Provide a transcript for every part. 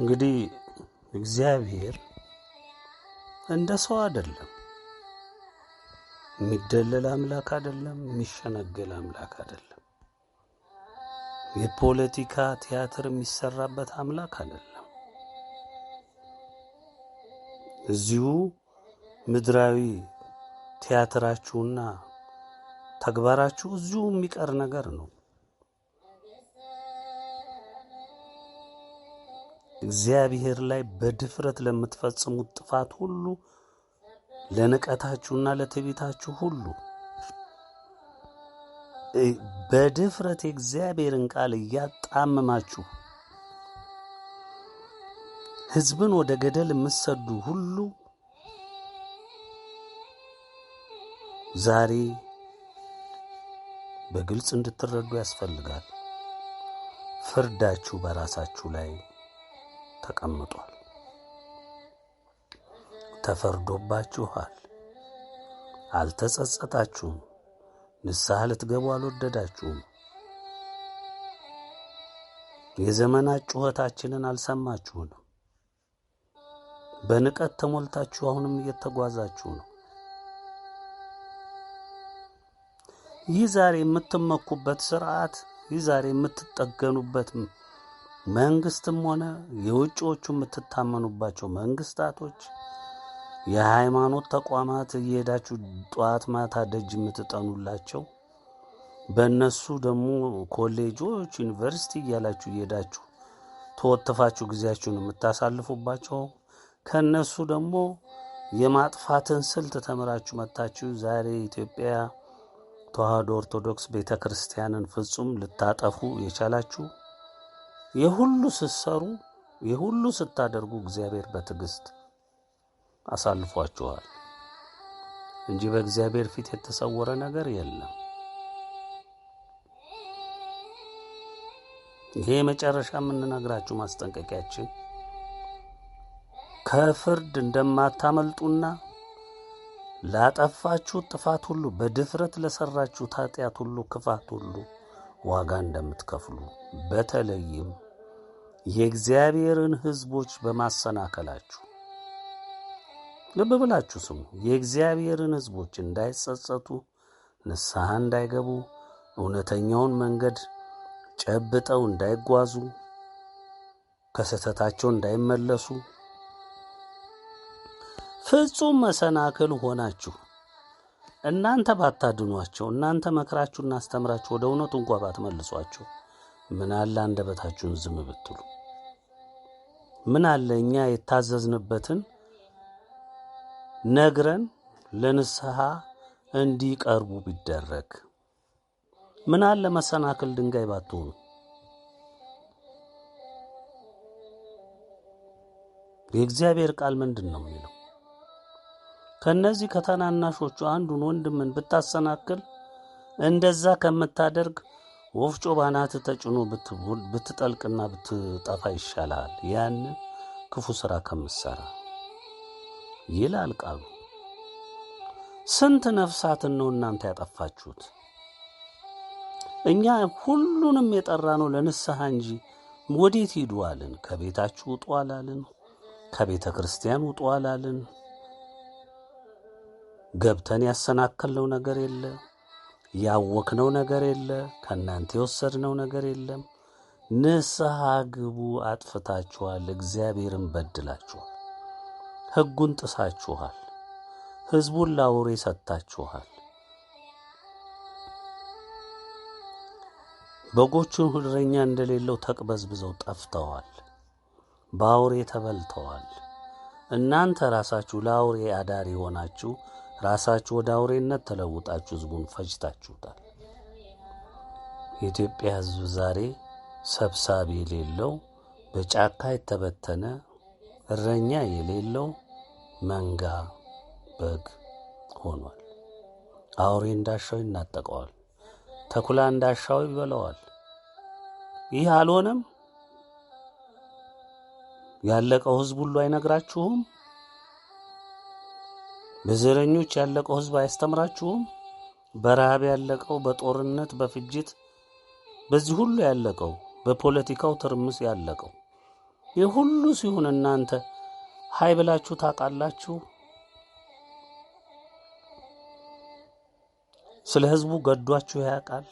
እንግዲህ እግዚአብሔር እንደ ሰው አይደለም። የሚደለል አምላክ አይደለም። የሚሸነገል አምላክ አይደለም። የፖለቲካ ቲያትር የሚሰራበት አምላክ አይደለም። እዚሁ ምድራዊ ቲያትራችሁና ተግባራችሁ እዚሁ የሚቀር ነገር ነው። እግዚአብሔር ላይ በድፍረት ለምትፈጽሙት ጥፋት ሁሉ ለንቀታችሁና ለትዕቢታችሁ ሁሉ በድፍረት የእግዚአብሔርን ቃል እያጣመማችሁ ሕዝብን ወደ ገደል የምትሰዱ ሁሉ ዛሬ በግልጽ እንድትረዱ ያስፈልጋል። ፍርዳችሁ በራሳችሁ ላይ ተቀምጧል። ተፈርዶባችኋል፣ አልተጸጸታችሁም፣ ንስሐ ልትገቡ አልወደዳችሁም። የዘመናት ጩኸታችንን አልሰማችሁንም። በንቀት ተሞልታችሁ አሁንም እየተጓዛችሁ ነው። ይህ ዛሬ የምትመኩበት ስርዓት፣ ይህ ዛሬ የምትጠገኑበት መንግስትም ሆነ የውጭዎቹ የምትታመኑባቸው መንግስታቶች፣ የሃይማኖት ተቋማት እየሄዳችሁ ጠዋት ማታ ደጅ የምትጠኑላቸው በእነሱ ደግሞ ኮሌጆች፣ ዩኒቨርሲቲ እያላችሁ እየሄዳችሁ ተወትፋችሁ ጊዜያችሁን የምታሳልፉባቸው ከእነሱ ደግሞ የማጥፋትን ስልት ተምራችሁ መታችሁ ዛሬ ኢትዮጵያ ተዋህዶ ኦርቶዶክስ ቤተ ክርስቲያንን ፍጹም ልታጠፉ የቻላችሁ የሁሉ ስትሰሩ የሁሉ ስታደርጉ እግዚአብሔር በትዕግስት አሳልፏችኋል እንጂ በእግዚአብሔር ፊት የተሰወረ ነገር የለም። ይሄ መጨረሻ የምንነግራችሁ ማስጠንቀቂያችን ከፍርድ እንደማታመልጡና ላጠፋችሁ ጥፋት ሁሉ በድፍረት ለሰራችሁ ኃጢአት ሁሉ ክፋት ሁሉ ዋጋ እንደምትከፍሉ በተለይም የእግዚአብሔርን ሕዝቦች በማሰናከላችሁ ልብ ብላችሁ ስሙ። የእግዚአብሔርን ሕዝቦች እንዳይጸጸቱ ንስሐ እንዳይገቡ እውነተኛውን መንገድ ጨብጠው እንዳይጓዙ ከስህተታቸው እንዳይመለሱ ፍጹም መሰናክል ሆናችሁ እናንተ ባታድኗቸው፣ እናንተ መክራችሁና አስተምራችሁ ወደ እውነቱ እንኳ ባትመልሷቸው፣ ምናለ አንደበታችሁን ዝም ብትሉ ምን አለ እኛ የታዘዝንበትን ነግረን ለንስሐ እንዲቀርቡ ቢደረግ ምን አለ መሰናክል ድንጋይ ባትሆኑ። የእግዚአብሔር ቃል ምንድን ነው የሚለው? ከእነዚህ ከታናናሾቹ አንዱን ወንድምን ብታሰናክል እንደዛ ከምታደርግ ወፍጮ ባናት ተጭኖ ብትጠልቅና ብትጠፋ ይሻላል ያንን ክፉ ሥራ ከምትሠራ ይላል ቃሉ። ስንት ነፍሳትን ነው እናንተ ያጠፋችሁት? እኛ ሁሉንም የጠራ ነው ለንስሐ እንጂ ወዴት ሂዱ አልን? ከቤታችሁ ውጡ አላልን? ከቤተ ክርስቲያን ውጡ አላልን? ገብተን ያሰናከልነው ነገር የለም? ያወክነው ነገር የለ፣ ከእናንተ የወሰድነው ነገር የለም። ንስሐ ግቡ፣ አጥፍታችኋል፣ እግዚአብሔርን በድላችኋል፣ ሕጉን ጥሳችኋል፣ ሕዝቡን ላውሬ ሰጥታችኋል፣ በጎቹን እረኛ እንደሌለው ተቅበዝብዘው ጠፍተዋል፣ በአውሬ ተበልተዋል። እናንተ ራሳችሁ ለአውሬ አዳሪ ሆናችሁ ራሳችሁ ወደ አውሬነት ተለውጣችሁ ህዝቡን ፈጅታችሁታል። የኢትዮጵያ ህዝብ ዛሬ ሰብሳቢ የሌለው በጫካ የተበተነ እረኛ የሌለው መንጋ በግ ሆኗል። አውሬ እንዳሻው ይናጠቀዋል፣ ተኩላ እንዳሻው ይበለዋል። ይህ አልሆነም? ያለቀው ህዝብ ሁሉ አይነግራችሁም? በዘረኞች ያለቀው ህዝብ አያስተምራችሁም? በረሃብ ያለቀው፣ በጦርነት በፍጅት፣ በዚህ ሁሉ ያለቀው፣ በፖለቲካው ትርምስ ያለቀው ይህ ሁሉ ሲሆን እናንተ ሀይ ብላችሁ ታውቃላችሁ? ስለ ህዝቡ ገዷችሁ ያውቃል?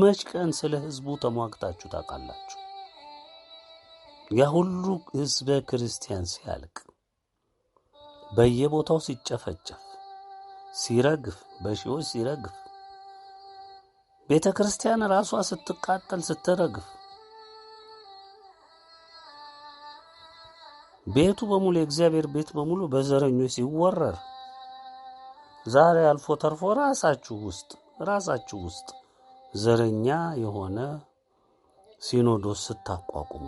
መች ቀን ስለ ህዝቡ ተሟግታችሁ ታውቃላችሁ? ያ ሁሉ ህዝበ ክርስቲያን ሲያልቅ በየቦታው ሲጨፈጨፍ ሲረግፍ በሺዎች ሲረግፍ ቤተ ክርስቲያን ራሷ ስትቃጠል ስትረግፍ ቤቱ በሙሉ የእግዚአብሔር ቤት በሙሉ በዘረኞች ሲወረር ዛሬ አልፎ ተርፎ ራሳችሁ ውስጥ ራሳችሁ ውስጥ ዘረኛ የሆነ ሲኖዶስ ስታቋቁሙ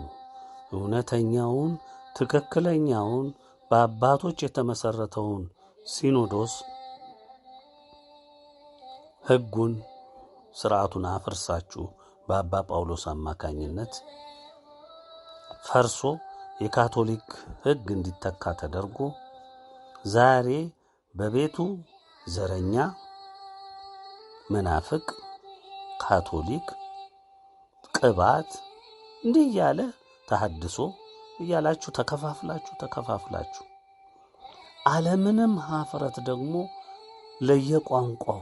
እውነተኛውን ትክክለኛውን በአባቶች የተመሠረተውን ሲኖዶስ ሕጉን ስርዓቱን አፍርሳችሁ በአባ ጳውሎስ አማካኝነት ፈርሶ የካቶሊክ ሕግ እንዲተካ ተደርጎ ዛሬ በቤቱ ዘረኛ፣ መናፍቅ፣ ካቶሊክ፣ ቅባት እንዲህ እያለ ተሐድሶ እያላችሁ ተከፋፍላችሁ ተከፋፍላችሁ አለምንም ሀፍረት ደግሞ ለየቋንቋው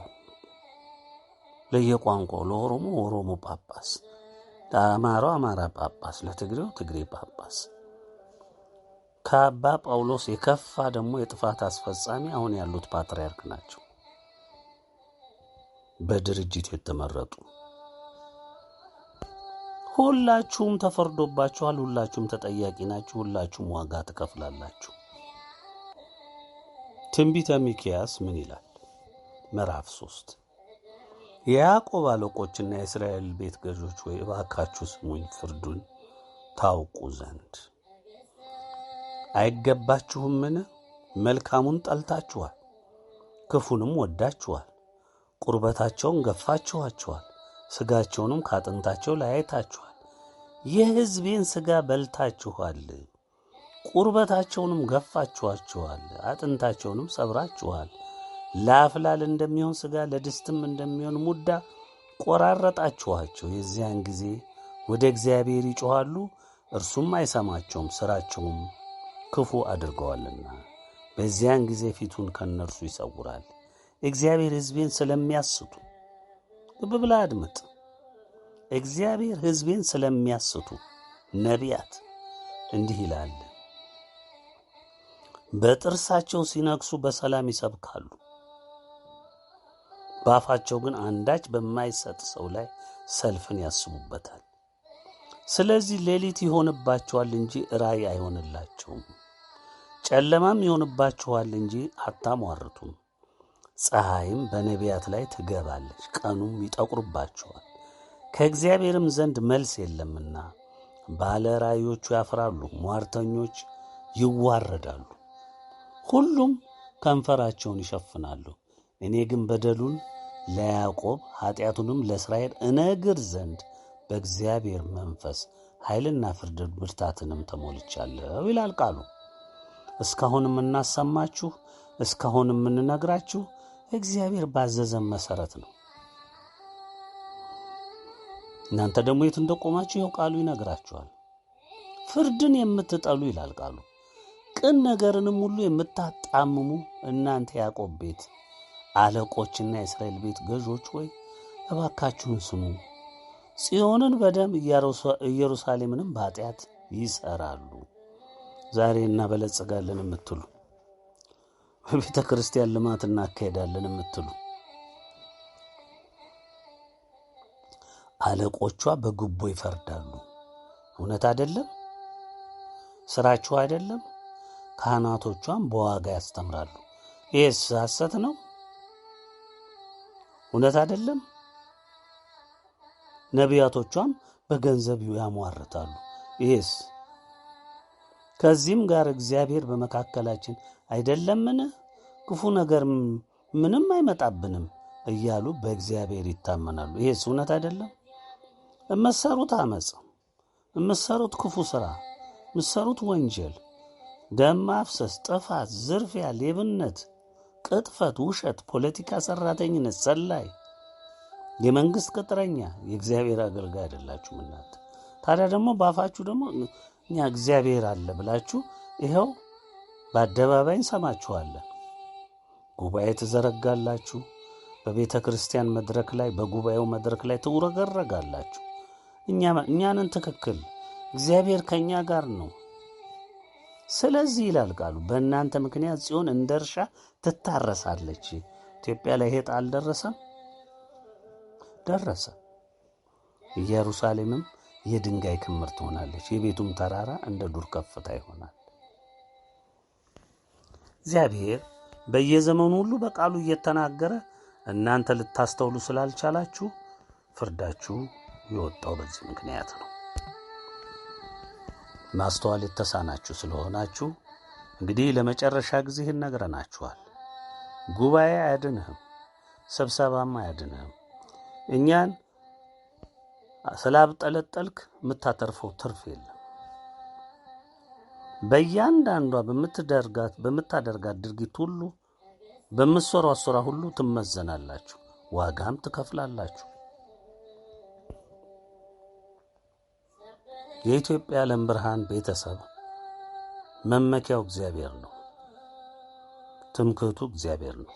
ለየቋንቋው ለኦሮሞ ኦሮሞ ጳጳስ፣ ለአማራው አማራ ጳጳስ፣ ለትግሬው ትግሬ ጳጳስ ከአባ ጳውሎስ የከፋ ደግሞ የጥፋት አስፈጻሚ አሁን ያሉት ፓትርያርክ ናቸው። በድርጅት የተመረጡ ሁላችሁም ተፈርዶባችኋል። ሁላችሁም ተጠያቂ ናችሁ። ሁላችሁም ዋጋ ትከፍላላችሁ። ትንቢተ ሚክያስ ምን ይላል? ምዕራፍ ሶስት የያዕቆብ አለቆችና የእስራኤል ቤት ገዦች ወይ እባካችሁ ስሙኝ፣ ፍርዱን ታውቁ ዘንድ አይገባችሁምን? መልካሙን ጠልታችኋል፣ ክፉንም ወዳችኋል፣ ቁርበታቸውን ገፋችኋቸዋል ሥጋቸውንም ከአጥንታቸው ላይ አይታችኋል። የሕዝቤን ሥጋ በልታችኋል፣ ቁርበታቸውንም ገፋችኋቸዋል፣ አጥንታቸውንም ሰብራችኋል። ለአፍላል እንደሚሆን ሥጋ ለድስትም እንደሚሆን ሙዳ ቆራረጣችኋቸው። የዚያን ጊዜ ወደ እግዚአብሔር ይጮኋሉ፣ እርሱም አይሰማቸውም፣ ሥራቸውም ክፉ አድርገዋልና። በዚያን ጊዜ ፊቱን ከእነርሱ ይሰውራል። እግዚአብሔር ሕዝቤን ስለሚያስቱ ልብ ብለህ አድምጥ። እግዚአብሔር ሕዝቤን ስለሚያስቱ ነቢያት እንዲህ ይላል፣ በጥርሳቸው ሲነክሱ በሰላም ይሰብካሉ፣ በአፋቸው ግን አንዳች በማይሰጥ ሰው ላይ ሰልፍን ያስቡበታል። ስለዚህ ሌሊት ይሆንባቸዋል እንጂ ራእይ አይሆንላቸውም፣ ጨለማም ይሆንባችኋል እንጂ አታሟርቱም። ፀሐይም በነቢያት ላይ ትገባለች፣ ቀኑም ይጠቁርባቸዋል። ከእግዚአብሔርም ዘንድ መልስ የለምና ባለ ራእዮቹ ያፍራሉ፣ ሟርተኞች ይዋረዳሉ፣ ሁሉም ከንፈራቸውን ይሸፍናሉ። እኔ ግን በደሉን ለያዕቆብ ኃጢአቱንም ለእስራኤል እነግር ዘንድ በእግዚአብሔር መንፈስ ኃይልና ፍርድ ብርታትንም ተሞልቻለሁ ይላል ቃሉ። እስካሁን የምናሰማችሁ እስካሁን የምንነግራችሁ እግዚአብሔር ባዘዘን መሰረት ነው። እናንተ ደግሞ የት እንደቆማችሁ ይኸው ቃሉ ይነግራችኋል። ፍርድን የምትጠሉ ይላል ቃሉ፣ ቅን ነገርንም ሁሉ የምታጣምሙ እናንተ ያዕቆብ ቤት አለቆችና የእስራኤል ቤት ገዦች ወይ እባካችሁን ስሙ። ጽዮንን በደም ኢየሩሳሌምንም በኃጢአት ይሰራሉ። ዛሬ እናበለጽጋለን የምትሉ በቤተ ክርስቲያን ልማት እናካሄዳለን የምትሉ አለቆቿ በጉቦ ይፈርዳሉ። እውነት አይደለም? ስራችሁ አይደለም? ካህናቶቿም በዋጋ ያስተምራሉ። ይህስ ሐሰት ነው። እውነት አይደለም? ነቢያቶቿም በገንዘብ ያሟርታሉ። ይህስ ከዚህም ጋር እግዚአብሔር በመካከላችን አይደለምን? ክፉ ነገር ምንም አይመጣብንም እያሉ በእግዚአብሔር ይታመናሉ። ይሄ እውነት አይደለም? እመሰሩት አመፅ፣ እመሰሩት ክፉ ሥራ፣ ምሰሩት ወንጀል፣ ደም ማፍሰስ፣ ጥፋት፣ ዝርፊያ፣ ሌብነት፣ ቅጥፈት፣ ውሸት፣ ፖለቲካ ሰራተኝነት፣ ሰላይ፣ የመንግሥት ቅጥረኛ የእግዚአብሔር አገልጋይ አይደላችሁ እናንተ። ታዲያ ደግሞ በአፋችሁ ደግሞ እኛ እግዚአብሔር አለ ብላችሁ ይኸው በአደባባይ እንሰማችኋለን። ጉባኤ ትዘረጋላችሁ። በቤተ ክርስቲያን መድረክ ላይ በጉባኤው መድረክ ላይ ትውረገረጋላችሁ። እኛንን ትክክል እግዚአብሔር ከእኛ ጋር ነው። ስለዚህ ይላል ቃሉ በእናንተ ምክንያት ጽዮን እንደ እርሻ ትታረሳለች። ኢትዮጵያ ላይ ይሄ አልደረሰም? ደረሰ። ኢየሩሳሌምም የድንጋይ ክምር ትሆናለች፣ የቤቱም ተራራ እንደ ዱር ከፍታ ይሆናል። እግዚአብሔር በየዘመኑ ሁሉ በቃሉ እየተናገረ እናንተ ልታስተውሉ ስላልቻላችሁ ፍርዳችሁ የወጣው በዚህ ምክንያት ነው። ማስተዋል የተሳናችሁ ስለሆናችሁ እንግዲህ ለመጨረሻ ጊዜ ይህን ነግረናችኋል። ጉባኤ አያድንህም፣ ስብሰባም አያድንህም። እኛን ስላብጠለጠልክ የምታተርፈው ትርፍ የለም። በእያንዳንዷ በምትደርጋት በምታደርጋት ድርጊት ሁሉ በምትሰሯ ስራ ሁሉ ትመዘናላችሁ፣ ዋጋም ትከፍላላችሁ። የኢትዮጵያ ዓለም ብርሃን ቤተሰብ መመኪያው እግዚአብሔር ነው። ትምክህቱ እግዚአብሔር ነው።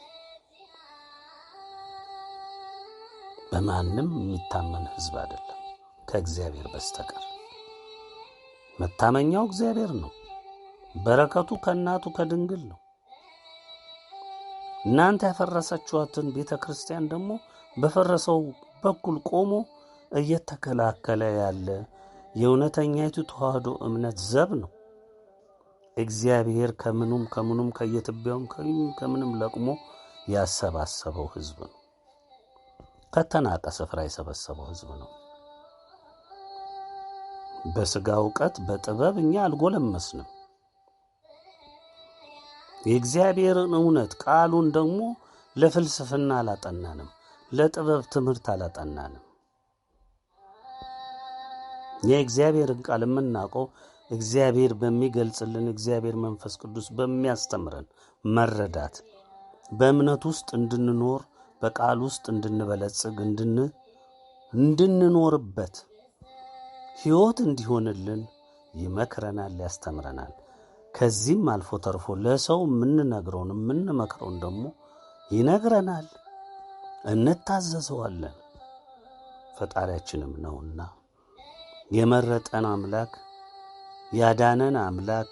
በማንም የሚታመን ህዝብ አይደለም። ከእግዚአብሔር በስተቀር መታመኛው እግዚአብሔር ነው። በረከቱ ከእናቱ ከድንግል ነው። እናንተ ያፈረሳችኋትን ቤተ ክርስቲያን ደግሞ በፈረሰው በኩል ቆሞ እየተከላከለ ያለ የእውነተኛይቱ ተዋህዶ እምነት ዘብ ነው። እግዚአብሔር ከምኑም ከምኑም ከየትቢያውም ከምንም ለቅሞ ያሰባሰበው ሕዝብ ነው። ከተናቀ ስፍራ የሰበሰበው ሕዝብ ነው። በሥጋ እውቀት በጥበብ እኛ አልጎለመስንም። የእግዚአብሔርን እውነት ቃሉን ደግሞ ለፍልስፍና አላጠናንም፣ ለጥበብ ትምህርት አላጠናንም። የእግዚአብሔርን ቃል የምናውቀው እግዚአብሔር በሚገልጽልን እግዚአብሔር መንፈስ ቅዱስ በሚያስተምረን መረዳት በእምነት ውስጥ እንድንኖር በቃል ውስጥ እንድንበለጽግ እንድንኖርበት ሕይወት እንዲሆንልን ይመክረናል፣ ያስተምረናል። ከዚህም አልፎ ተርፎ ለሰው የምንነግረውን የምንመክረውን ደግሞ ይነግረናል፣ እንታዘዘዋለን። ፈጣሪያችንም ነውና የመረጠን አምላክ ያዳነን አምላክ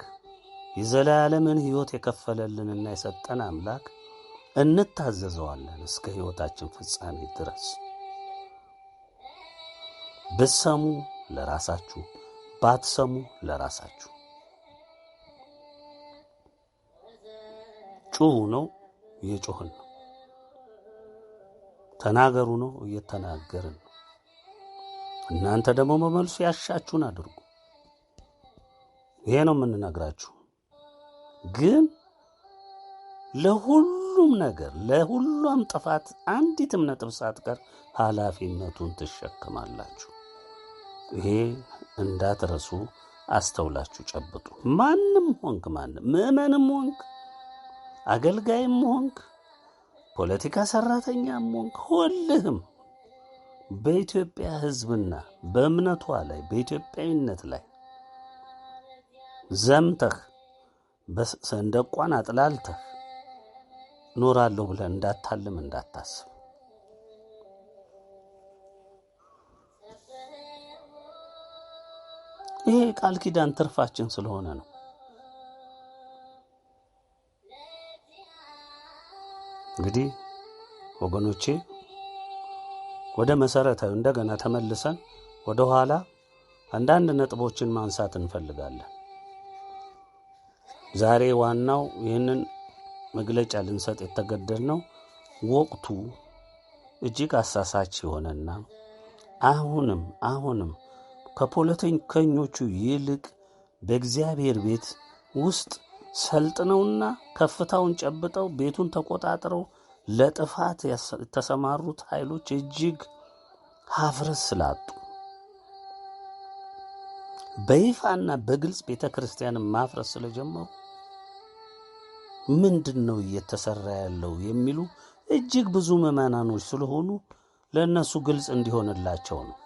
የዘላለምን ሕይወት የከፈለልንና የሰጠን አምላክ እንታዘዘዋለን እስከ ሕይወታችን ፍጻሜ ድረስ ብሰሙ ለራሳችሁ ባትሰሙ ለራሳችሁ ጩሁ ነው እየጮህን ነው። ተናገሩ ነው እየተናገርን ነው። እናንተ ደግሞ በመልሱ ያሻችሁን አድርጉ። ይሄ ነው የምንነግራችሁ። ግን ለሁሉም ነገር ለሁሉም ጥፋት አንዲትም ነጥብ ሳትቀር ኃላፊነቱን ትሸከማላችሁ። ይሄ እንዳትረሱ አስተውላችሁ ጨብጡ። ማንም ሆንክ ማንም ምዕመንም ሆንክ አገልጋይም ሆንክ ፖለቲካ ሰራተኛም ሆንክ ሁልህም በኢትዮጵያ ሕዝብና በእምነቷ ላይ በኢትዮጵያዊነት ላይ ዘምተህ ሰንደቋን አጥላልተህ ኖራለሁ ብለን እንዳታልም እንዳታስብ። ይሄ ቃል ኪዳን ትርፋችን ስለሆነ ነው። እንግዲህ ወገኖቼ ወደ መሰረታዊ እንደገና ተመልሰን ወደ ኋላ አንዳንድ ነጥቦችን ማንሳት እንፈልጋለን። ዛሬ ዋናው ይህንን መግለጫ ልንሰጥ የተገደድነው ወቅቱ እጅግ አሳሳች የሆነና አሁንም አሁንም ከፖለቲከኞቹ ይልቅ በእግዚአብሔር ቤት ውስጥ ሰልጥነውና ከፍታውን ጨብጠው ቤቱን ተቆጣጥረው ለጥፋት የተሰማሩት ኃይሎች እጅግ ሀፍረስ ስላጡ በይፋና በግልጽ ቤተ ክርስቲያንን ማፍረስ ስለጀመሩ ምንድን ነው እየተሰራ ያለው የሚሉ እጅግ ብዙ ምዕመናኖች ስለሆኑ ለእነሱ ግልጽ እንዲሆንላቸው ነው።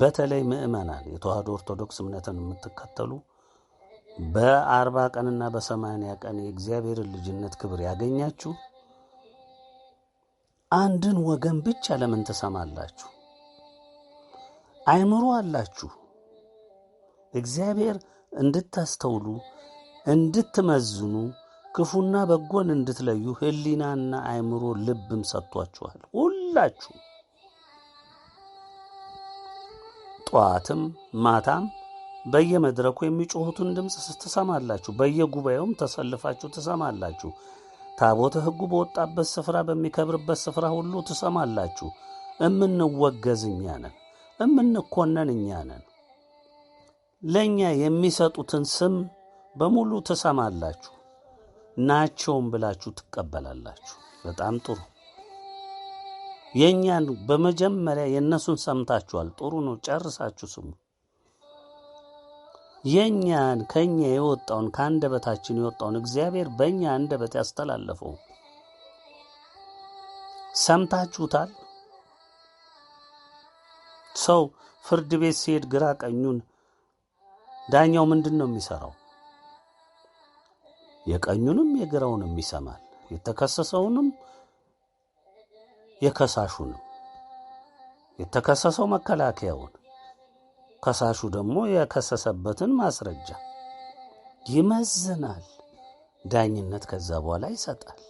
በተለይ ምእመናን የተዋህዶ ኦርቶዶክስ እምነትን የምትከተሉ በአርባ ቀንና በሰማንያ ቀን የእግዚአብሔርን ልጅነት ክብር ያገኛችሁ አንድን ወገን ብቻ ለምን ትሰማላችሁ? አይምሮ አላችሁ። እግዚአብሔር እንድታስተውሉ እንድትመዝኑ ክፉና በጎን እንድትለዩ ሕሊናና አይምሮ ልብም ሰጥቷችኋል ሁላችሁ። ጠዋትም ማታም በየመድረኩ የሚጮሁትን ድምፅ ትሰማላችሁ። በየጉባኤውም ተሰልፋችሁ ትሰማላችሁ። ታቦተ ሕጉ በወጣበት ስፍራ፣ በሚከብርበት ስፍራ ሁሉ ትሰማላችሁ። እምንወገዝ እኛ ነን፣ እምንኮነን እኛ ነን። ለእኛ የሚሰጡትን ስም በሙሉ ትሰማላችሁ፣ ናቸውም ብላችሁ ትቀበላላችሁ። በጣም ጥሩ። የእኛን በመጀመሪያ የእነሱን ሰምታችኋል። ጥሩ ነው፣ ጨርሳችሁ ስሙ። የእኛን ከእኛ የወጣውን ከአንደበታችን የወጣውን እግዚአብሔር በእኛ አንደበት ያስተላለፈው ሰምታችሁታል። ሰው ፍርድ ቤት ሲሄድ ግራ ቀኙን ዳኛው ምንድን ነው የሚሰራው? የቀኙንም የግራውንም ይሰማል የተከሰሰውንም የከሳሹ ነው። የተከሰሰው መከላከያውን ከሳሹ ደግሞ የከሰሰበትን ማስረጃ ይመዝናል። ዳኝነት ከዛ በኋላ ይሰጣል።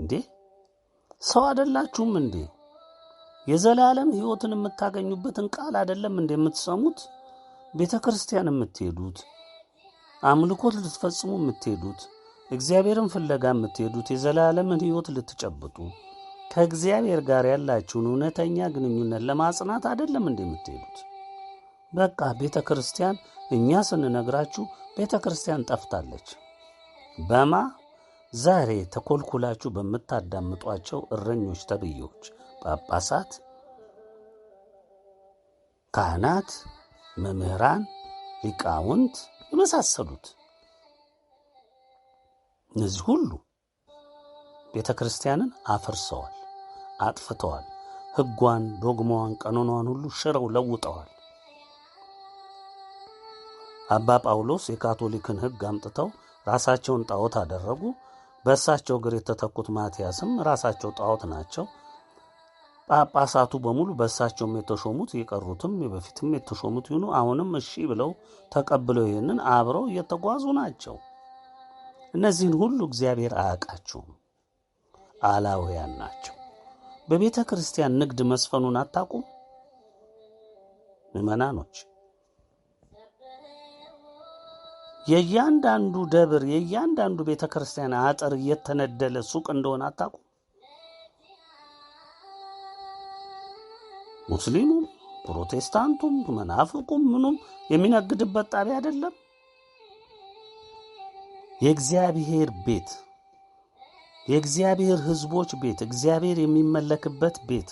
እንዴ ሰው አደላችሁም እንዴ? የዘላለም ሕይወትን የምታገኙበትን ቃል አደለም እንዴ የምትሰሙት? ቤተ ክርስቲያን የምትሄዱት፣ አምልኮት ልትፈጽሙ የምትሄዱት፣ እግዚአብሔርን ፍለጋ የምትሄዱት፣ የዘላለምን ሕይወት ልትጨብጡ ከእግዚአብሔር ጋር ያላችሁን እውነተኛ ግንኙነት ለማጽናት አይደለም እንደምትሄዱት። በቃ ቤተ ክርስቲያን እኛ ስንነግራችሁ ቤተ ክርስቲያን ጠፍታለች። በማ ዛሬ ተኮልኩላችሁ በምታዳምጧቸው እረኞች ተብዬዎች፣ ጳጳሳት፣ ካህናት፣ መምህራን፣ ሊቃውንት የመሳሰሉት እነዚህ ሁሉ ቤተ ክርስቲያንን አፍርሰዋል፣ አጥፍተዋል። ሕጓን፣ ዶግማዋን፣ ቀኖኗን ሁሉ ሽረው ለውጠዋል። አባ ጳውሎስ የካቶሊክን ሕግ አምጥተው ራሳቸውን ጣዖት አደረጉ። በእሳቸው እግር የተተኩት ማትያስም ራሳቸው ጣዖት ናቸው። ጳጳሳቱ በሙሉ በእሳቸውም የተሾሙት የቀሩትም በፊትም የተሾሙት ይሁኑ አሁንም እሺ ብለው ተቀብለው ይህንን አብረው እየተጓዙ ናቸው። እነዚህን ሁሉ እግዚአብሔር አያውቃቸውም። አላውያን ናቸው። በቤተ ክርስቲያን ንግድ መስፈኑን አታውቁም ምዕመናኖች? የእያንዳንዱ ደብር የእያንዳንዱ ቤተ ክርስቲያን አጥር እየተነደለ ሱቅ እንደሆነ አታውቁም? ሙስሊሙም ፕሮቴስታንቱም መናፍቁም ምኑም የሚነግድበት ጣቢያ አይደለም። የእግዚአብሔር ቤት የእግዚአብሔር ሕዝቦች ቤት እግዚአብሔር የሚመለክበት ቤት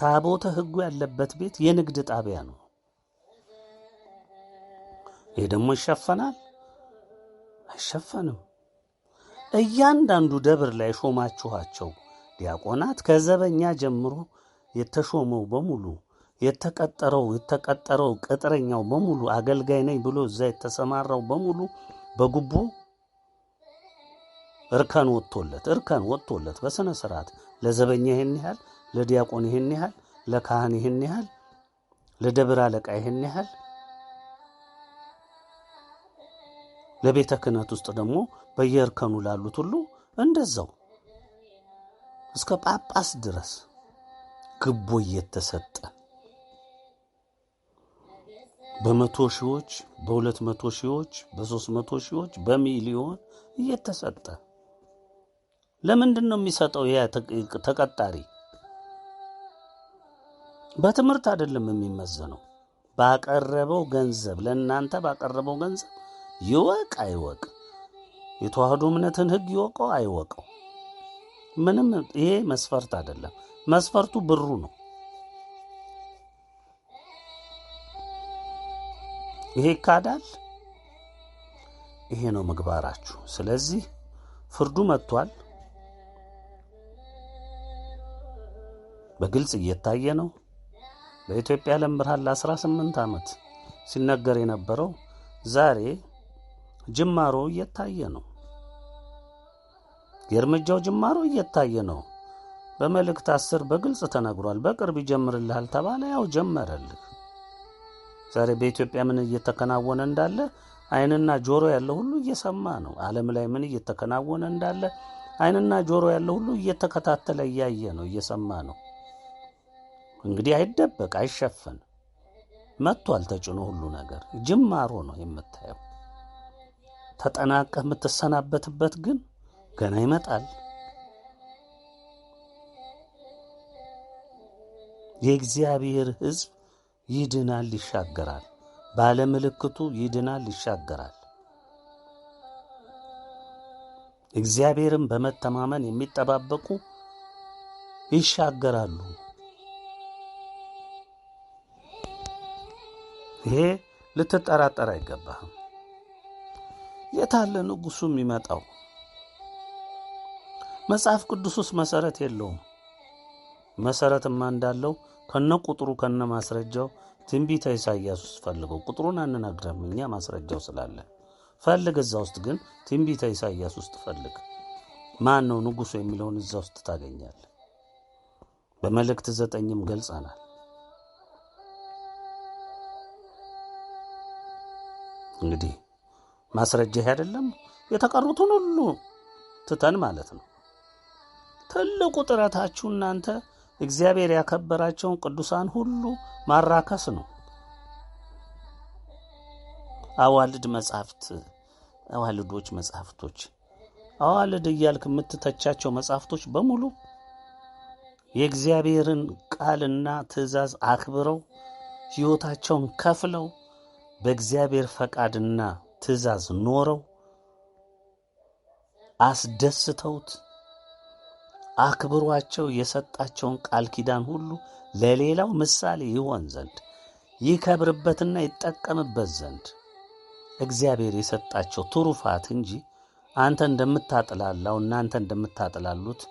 ታቦተ ሕጉ ያለበት ቤት የንግድ ጣቢያ ነው። ይህ ደግሞ ይሸፈናል? አይሸፈንም። እያንዳንዱ ደብር ላይ ሾማችኋቸው ዲያቆናት ከዘበኛ ጀምሮ የተሾመው በሙሉ የተቀጠረው የተቀጠረው ቅጥረኛው በሙሉ አገልጋይ ነኝ ብሎ እዛ የተሰማራው በሙሉ በጉቦ እርከን ወጥቶለት እርከን ወጥቶለት በሥነ ሥርዓት ለዘበኛ ይህን ያህል፣ ለዲያቆን ይህን ያህል፣ ለካህን ይህን ያህል፣ ለደብር አለቃ ይህን ያህል፣ ለቤተ ክህነት ውስጥ ደግሞ በየእርከኑ ላሉት ሁሉ እንደዛው እስከ ጳጳስ ድረስ ግቦ እየተሰጠ በመቶ ሺዎች በሁለት መቶ ሺዎች በሶስት መቶ ሺዎች በሚሊዮን እየተሰጠ ለምንድን ነው የሚሰጠው? ይሄ ተቀጣሪ በትምህርት አይደለም የሚመዘነው። ባቀረበው ገንዘብ ለእናንተ ባቀረበው ገንዘብ ይወቅ አይወቅ፣ የተዋህዶ እምነትን ህግ ይወቀው አይወቀው፣ ምንም ይሄ መስፈርት አይደለም። መስፈርቱ ብሩ ነው። ይሄ ይካዳል። ይሄ ነው ምግባራችሁ። ስለዚህ ፍርዱ መጥቷል። በግልጽ እየታየ ነው። በኢትዮጵያ የዓለም ብርሃን ለ18 ዓመት ሲነገር የነበረው ዛሬ ጅማሮ እየታየ ነው። የእርምጃው ጅማሮ እየታየ ነው። በመልእክት አስር በግልጽ ተነግሯል። በቅርብ ይጀምርልሃል ተባለ፣ ያው ጀመረልህ። ዛሬ በኢትዮጵያ ምን እየተከናወነ እንዳለ ዓይንና ጆሮ ያለው ሁሉ እየሰማ ነው። ዓለም ላይ ምን እየተከናወነ እንዳለ ዓይንና ጆሮ ያለው ሁሉ እየተከታተለ እያየ ነው፣ እየሰማ ነው። እንግዲህ አይደበቅ አይሸፈን መጥቷል ተጭኖ ሁሉ ነገር ጅማሮ ነው የምታየው። ተጠናቀህ የምትሰናበትበት ግን ገና ይመጣል። የእግዚአብሔር ህዝብ ይድናል፣ ይሻገራል። ባለምልክቱ ይድናል፣ ይሻገራል። እግዚአብሔርን በመተማመን የሚጠባበቁ ይሻገራሉ። ይሄ ልትጠራጠር አይገባህም። የታለ ንጉሱ የሚመጣው? መጽሐፍ ቅዱስ ውስጥ መሰረት የለውም። መሠረትማ እንዳለው ከነ ቁጥሩ ከነ ማስረጃው ትንቢተ ኢሳይያስ ውስጥ ፈልገው። ቁጥሩን አንነግረም እኛ ማስረጃው ስላለ ፈልግ። እዛ ውስጥ ግን ትንቢተ ኢሳይያስ ውስጥ ፈልግ። ማን ነው ንጉሱ የሚለውን እዛ ውስጥ ታገኛለህ። በመልእክት ዘጠኝም ገልጸናል። እንግዲህ ማስረጃ አይደለም? የተቀሩትን ሁሉ ትተን ማለት ነው። ትልቁ ጥረታችሁ እናንተ እግዚአብሔር ያከበራቸውን ቅዱሳን ሁሉ ማራከስ ነው። አዋልድ መጻሕፍት አዋልዶች መጻሕፍቶች አዋልድ እያልክ የምትተቻቸው መጻሕፍቶች በሙሉ የእግዚአብሔርን ቃልና ትእዛዝ አክብረው ሕይወታቸውን ከፍለው በእግዚአብሔር ፈቃድና ትእዛዝ ኖረው አስደስተውት አክብሯቸው የሰጣቸውን ቃል ኪዳን ሁሉ ለሌላው ምሳሌ ይሆን ዘንድ ይከብርበትና ይጠቀምበት ዘንድ እግዚአብሔር የሰጣቸው ትሩፋት እንጂ አንተ እንደምታጥላላው እናንተ እንደምታጥላሉት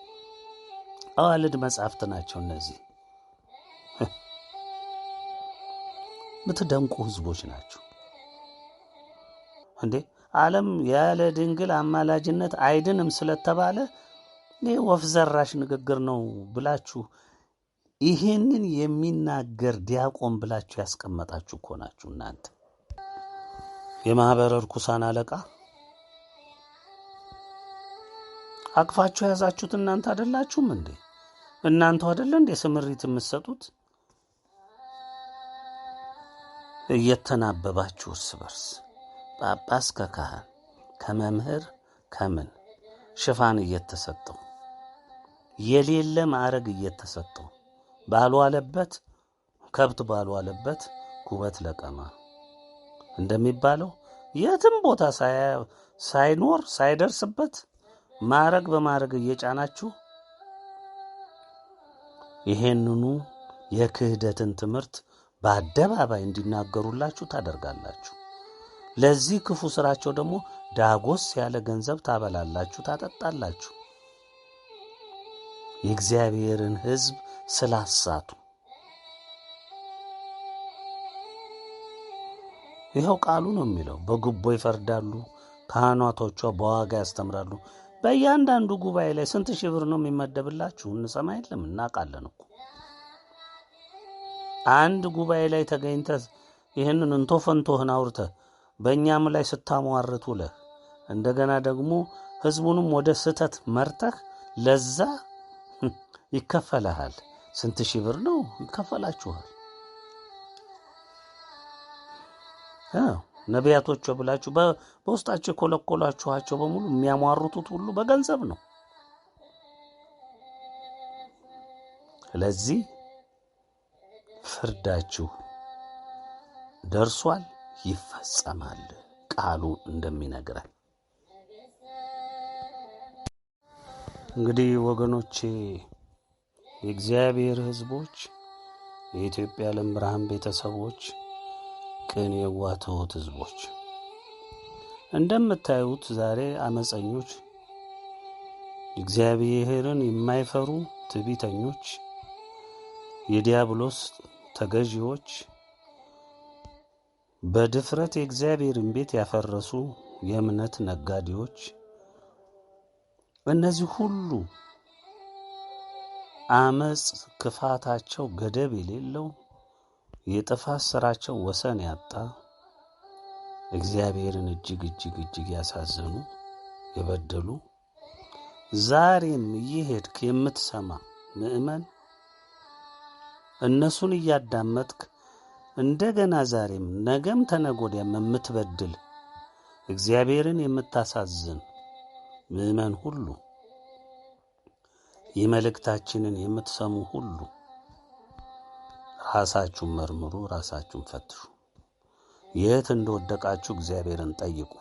አዋልድ መጻሕፍት ናቸው እነዚህ። የምትደንቁ ህዝቦች ናቸው እንዴ። ዓለም ያለ ድንግል አማላጅነት አይድንም ስለተባለ ይህ ወፍ ዘራሽ ንግግር ነው ብላችሁ ይህንን የሚናገር ዲያቆን ብላችሁ ያስቀመጣችሁ እኮ ናችሁ እናንተ የማኅበረ ርኩሳን አለቃ አቅፋችሁ የያዛችሁት እናንተ አደላችሁም እንዴ? እናንተው አደለ እንዴ ስምሪት የምትሰጡት? እየተናበባችሁ እርስ በርስ ጳጳስ ከካህን ከመምህር ከምን ሽፋን እየተሰጠው የሌለ ማዕረግ እየተሰጠው ባልዋለበት ከብት ባልዋለበት ጉበት ለቀማ እንደሚባለው የትም ቦታ ሳይኖር ሳይደርስበት ማዕረግ በማዕረግ እየጫናችሁ ይሄንኑ የክህደትን ትምህርት በአደባባይ እንዲናገሩላችሁ ታደርጋላችሁ። ለዚህ ክፉ ሥራቸው ደግሞ ዳጎስ ያለ ገንዘብ ታበላላችሁ፣ ታጠጣላችሁ። የእግዚአብሔርን ሕዝብ ስላሳቱ ይኸው ቃሉ ነው የሚለው። በጉቦ ይፈርዳሉ፣ ካህናቶቿ በዋጋ ያስተምራሉ። በእያንዳንዱ ጉባኤ ላይ ስንት ሺህ ብር ነው የሚመደብላችሁ? እንሰማ የለም እናውቃለን እኮ አንድ ጉባኤ ላይ ተገኝተ ይህንን እንቶ ፈንቶህን አውርተ በእኛም ላይ ስታሟርት ውለህ እንደገና ደግሞ ህዝቡንም ወደ ስህተት መርተህ ለዛ ይከፈልሃል። ስንት ሺህ ብር ነው ይከፈላችኋል። ነቢያቶች ብላችሁ በውስጣቸው የኮለኮሏችኋቸው በሙሉ የሚያሟርቱት ሁሉ በገንዘብ ነው። ስለዚህ ፍርዳችሁ ደርሷል፣ ይፈጸማል ቃሉ እንደሚነግረን። እንግዲህ ወገኖቼ የእግዚአብሔር ሕዝቦች የኢትዮጵያ ዓለም ብርሃን ቤተሰቦች ቅን የዋህ ህዝቦች ሕዝቦች እንደምታዩት ዛሬ አመፀኞች፣ እግዚአብሔርን የማይፈሩ ትቢተኞች የዲያብሎስ ተገዢዎች በድፍረት የእግዚአብሔርን ቤት ያፈረሱ የእምነት ነጋዴዎች እነዚህ ሁሉ አመፅ ክፋታቸው ገደብ የሌለው የጥፋት ስራቸው ወሰን ያጣ እግዚአብሔርን እጅግ እጅግ እጅግ ያሳዘኑ የበደሉ ዛሬም እየሄድክ የምትሰማ ምእመን እነሱን እያዳመጥክ እንደገና ዛሬም ነገም ተነጎዲያም የምትበድል እግዚአብሔርን የምታሳዝን ምእመን ሁሉ ይህ መልእክታችንን የምትሰሙ ሁሉ ራሳችሁን መርምሩ፣ ራሳችሁን ፈትሹ። የት እንደወደቃችሁ እግዚአብሔርን ጠይቁ።